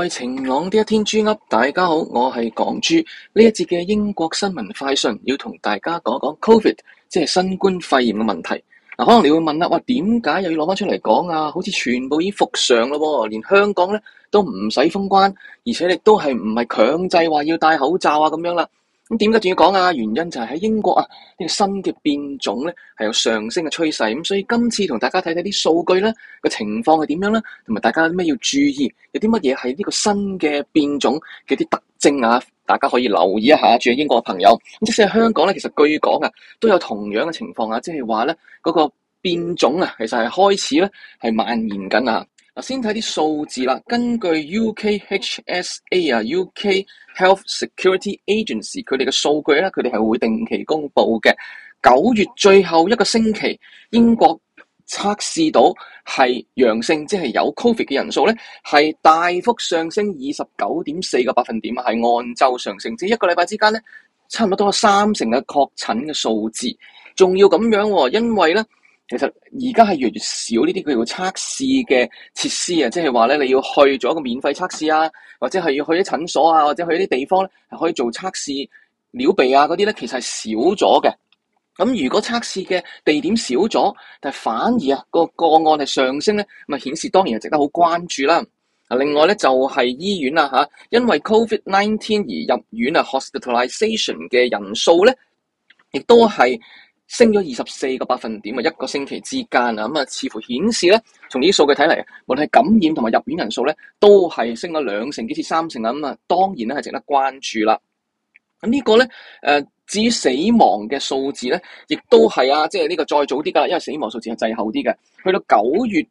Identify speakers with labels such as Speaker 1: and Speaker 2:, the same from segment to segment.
Speaker 1: 在晴朗的一天，豬噏，大家好，我係港豬。呢一節嘅英國新聞快訊，要同大家講講 COVID，即係新冠肺炎嘅問題。啊，可能你會問啦，話點解又要攞返出嚟講啊？好似全部已復常嘞喎，連香港呢都唔使封關，而且亦都係唔係強制話要戴口罩啊咁樣啦。咁點解仲要講啊？原因就係喺英國啊，呢個新嘅變種咧係有上升嘅趨勢，咁所以今次同大家睇睇啲數據咧個情況係點樣啦，同埋大家有咩要注意，有啲乜嘢係呢個新嘅變種嘅啲特徵啊？大家可以留意一下，住喺英國嘅朋友。咁即使喺香港咧，其實據講啊，都有同樣嘅情況啊，即係話咧嗰個變種啊，其實係開始咧係蔓延緊啊。先睇啲數字啦。根據 UKHSA 啊，UK Health Security Agency 佢哋嘅數據咧，佢哋係會定期公布嘅。九月最後一個星期，英國測試到係陽性，即係有 Covid 嘅人數咧，係大幅上升二十九點四個百分點啊！係按周上升，至一個禮拜之間咧，差唔多多三成嘅確診嘅數字，仲要咁樣喎、哦，因為咧。其實而家係越嚟越少呢啲叫做測試嘅設施啊，即係話咧你要去做一個免費測試啊，或者係要去啲診所啊，或者去啲地方咧係可以做測試尿鼻啊嗰啲咧，其實係少咗嘅。咁如果測試嘅地點少咗，但係反而啊個個案係上升咧，咪顯示當然係值得好關注啦。啊，另外咧就係、是、醫院啊嚇，因為 Covid Nineteen 而入院啊 Hospitalisation 嘅人數咧，亦都係。升咗二十四個百分點啊，一個星期之間啊，咁、嗯、啊，似乎顯示咧，從呢啲數據睇嚟，啊，無論係感染同埋入院人數咧，都係升咗兩成幾至三成啊，咁、嗯、啊，當然咧係值得關注啦。咁、嗯這個、呢個咧，誒、呃，至於死亡嘅數字咧，亦都係啊，即係呢個再早啲噶啦，因為死亡數字係滯後啲嘅，去到九月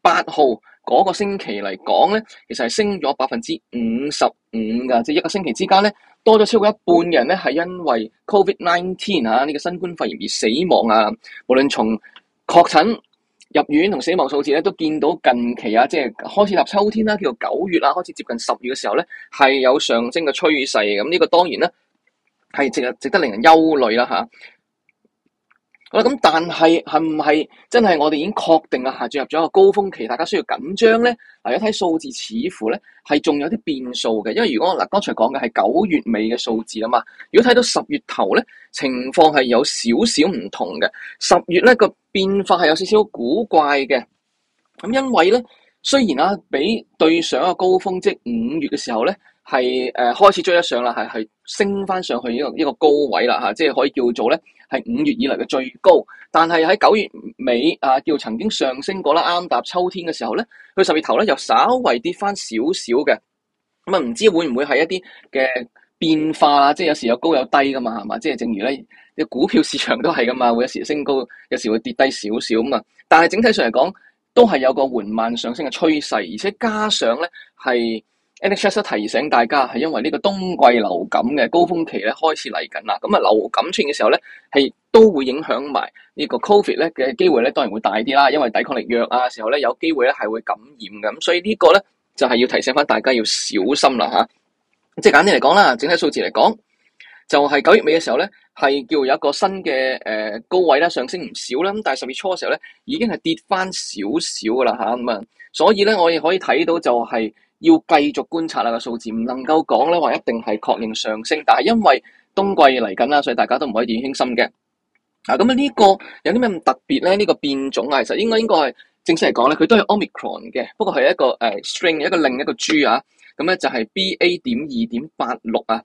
Speaker 1: 八號。嗰個星期嚟講咧，其實係升咗百分之五十五噶。即係一個星期之間咧，多咗超過一半人咧係因為 COVID-19 吓呢、啊呢個新冠肺炎而死亡啊！無論從確診入院同死亡數字咧，都見到近期啊，即係開始立秋天啦，叫做九月啊，開始接近十月嘅時候咧，係有上升嘅趨勢，咁、這、呢個當然啦，係值啊，值得令人憂慮啦吓。啊咁咁，但係係唔係真係我哋已經確定啊？嚇，進入咗一個高峰期，大家需要緊張咧？嗱，一睇數字，似乎咧係仲有啲變數嘅，因為如果嗱，剛才講嘅係九月尾嘅數字啊嘛。如果睇到十月頭咧，情況係有少少唔同嘅。十月咧個變化係有少少古怪嘅。咁因為咧，雖然啊，比對上一個高峰，即五月嘅時候咧，係誒、呃、開始追得上啦，係係升翻上去呢個一個高位啦嚇、啊，即係可以叫做咧。係五月以嚟嘅最高，但係喺九月尾啊，叫曾經上升過啦。啱搭秋天嘅時候咧，佢十月頭咧又稍微跌翻少少嘅，咁啊唔知會唔會係一啲嘅變化啊？即係有時有高有低噶嘛，係嘛？即係正如咧，啲股票市場都係噶嘛，會有時升高，有時會跌低少少咁嘛。但係整體上嚟講，都係有個緩慢上升嘅趨勢，而且加上咧係。NHS 提醒大家，係因為呢個冬季流感嘅高峰期咧開始嚟緊啦。咁啊，流感出現嘅時候咧，係都會影響埋呢個 COVID 咧嘅機會咧，當然會大啲啦。因為抵抗力弱啊，時候咧有機會咧係會感染嘅。咁所以個呢個咧就係、是、要提醒翻大家要小心啦吓、啊。即係簡單嚟講啦，整體數字嚟講，就係、是、九月尾嘅時候咧，係叫有一個新嘅誒、呃、高位啦，上升唔少啦。咁但係十月初嘅時候咧，已經係跌翻少少噶啦吓。咁啊，所以咧我哋可以睇到就係、是。要繼續觀察下個數字，唔能夠講咧話一定係確認上升，但係因為冬季嚟緊啦，所以大家都唔可以掉以輕心嘅。嗱、啊，咁啊呢個有啲咩咁特別咧？呢、這個變種啊，其實應該應該係正式嚟講咧，佢都係 Omicron 嘅，不過係一個誒、呃、strain 嘅一個另一個株啊。咁咧就係 B A. 點二點八六啊，就是86，啊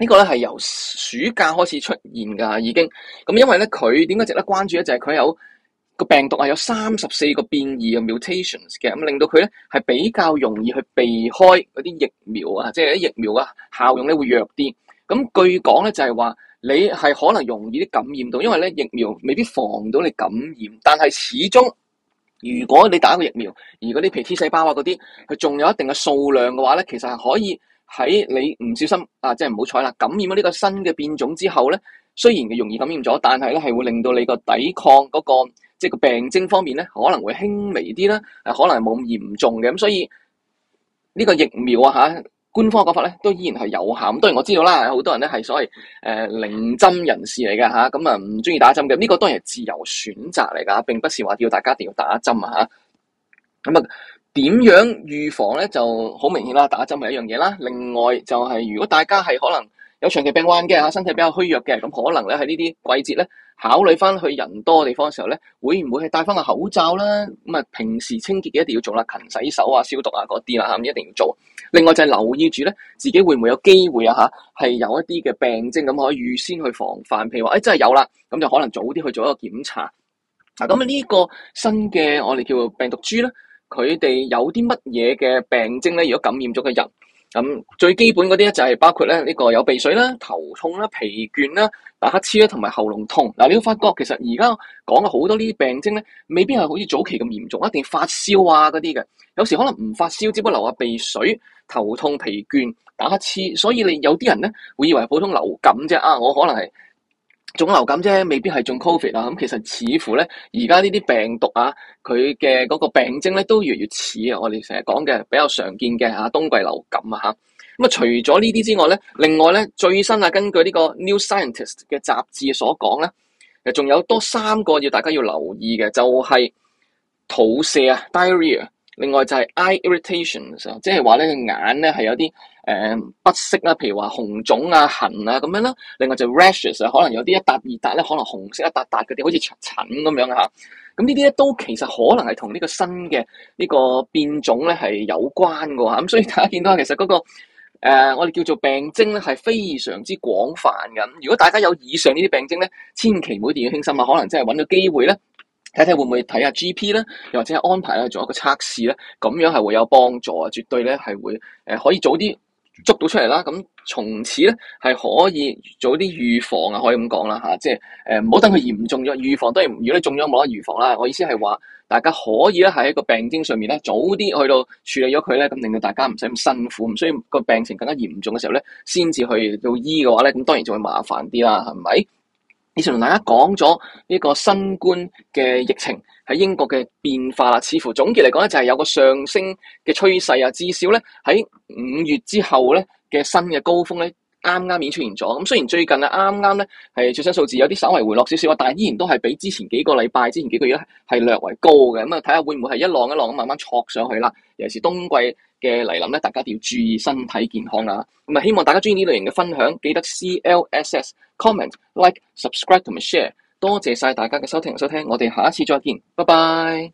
Speaker 1: 這個、呢個咧係由暑假開始出現㗎已經。咁、啊、因為咧佢點解值得關注咧？就係、是、佢有。病毒係有三十四個變異嘅 mutations 嘅，咁令到佢咧係比較容易去避開嗰啲疫苗啊，即係啲疫苗啊效用咧會弱啲。咁據講咧就係話你係可能容易啲感染到，因為咧疫苗未必防到你感染。但係始終如果你打個疫苗，而嗰啲 T 細胞啊嗰啲，佢仲有一定嘅數量嘅話咧，其實係可以喺你唔小心啊，即係唔好彩啦感染咗呢個新嘅變種之後咧。雖然嘅容易感染咗，但係咧係會令到你個抵抗嗰、那個即係個病徵方面咧可能會輕微啲啦，誒可能冇咁嚴重嘅，咁所以呢、這個疫苗啊吓，官方嘅講法咧都依然係有效。咁當然我知道啦，好多人咧係所謂誒、呃、零針人士嚟嘅吓，咁啊唔中意打針嘅，呢、這個當然係自由選擇嚟噶，並不是話叫大家一定要打針啊吓。咁啊，點樣預防咧就好明顯啦，打針係一樣嘢啦。另外就係、是、如果大家係可能。有長期病患嘅嚇，身體比較虛弱嘅，咁可能咧喺呢啲季節咧，考慮翻去人多地方嘅時候咧，會唔會係戴翻個口罩啦？咁啊，平時清潔嘅一定要做啦，勤洗手啊、消毒啊嗰啲啦，係咪一定要做？做另外就係留意住咧，自己會唔會有機會啊？嚇，係有一啲嘅病徵咁，可以預先去防範。譬如話，誒、哎、真係有啦，咁就可能早啲去做一個檢查。啊，咁、這、呢個新嘅我哋叫病毒株咧，佢哋有啲乜嘢嘅病徵咧？如果感染咗嘅人。咁、嗯、最基本嗰啲咧就係包括咧呢、這個有鼻水啦、頭痛啦、疲倦啦、打乞嗤啦同埋喉嚨痛。嗱、啊，你都發覺其實而家講嘅好多症呢啲病徵咧，未必係好似早期咁嚴重，一定發燒啊嗰啲嘅。有時可能唔發燒，只不過流下鼻水、頭痛、疲倦、打乞嗤。所以你有啲人咧會以為普通流感啫。啊，我可能係。中流感啫，未必係中 Covid 啦。咁其實似乎咧，而家呢啲病毒啊，佢嘅嗰個病徵咧都越嚟越似啊！我哋成日講嘅比較常見嘅嚇冬季流感啊吓，咁、嗯、啊，除咗呢啲之外咧，另外咧最新啊，根據呢個 New Scientist 嘅雜誌所講咧，誒仲有多三個要大家要留意嘅，就係肚瀉啊，diarrhea。另外就係 eye irritation 即係話咧眼咧係有啲誒、呃、不適啦，譬如話紅腫啊、痕啊咁樣啦。另外就 rashes 啊，可能有啲一笪二笪咧，可能紅色一笪笪嗰啲，好似塵咁樣嚇。咁、啊、呢啲咧都其實可能係同呢個新嘅呢、個變種咧係有關㗎嚇。咁、啊、所以大家見到其實嗰、那個、呃、我哋叫做病徵咧係非常之廣泛㗎。如果大家有以上呢啲病徵咧，千祈唔好掉以輕心啊，可能真係揾到機會咧。睇睇會唔會睇下 GP 咧，又或者安排咧做一個測試咧，咁樣係會有幫助啊！絕對咧係會誒、呃、可以早啲捉到出嚟啦。咁從此咧係可以早啲預防啊，可以咁講啦嚇。即係誒唔好等佢嚴重咗，預防都係如果你中咗冇得預防啦。我意思係話大家可以咧喺個病徵上面咧早啲去到處理咗佢咧，咁令到大家唔使咁辛苦，唔需要個病情更加嚴重嘅時候咧先至去到醫嘅話咧，咁當然就會麻煩啲啦，係咪？以前同大家講咗呢個新冠嘅疫情喺英國嘅變化啦，似乎總結嚟講咧就係有個上升嘅趨勢啊，至少咧喺五月之後咧嘅新嘅高峰咧。啱啱已經出現咗，咁雖然最近啊啱啱咧係最新數字有啲稍為回落少少啊，但依然都係比之前幾個禮拜、之前幾個月咧係略為高嘅，咁啊睇下會唔會係一浪一浪咁慢慢駁上去啦。尤其是冬季嘅嚟臨咧，大家都要注意身體健康啊！咁啊，希望大家中意呢類型嘅分享，記得 C L S S comment like subscribe 同埋 share。多謝晒大家嘅收聽同收聽，我哋下一次再見，拜拜。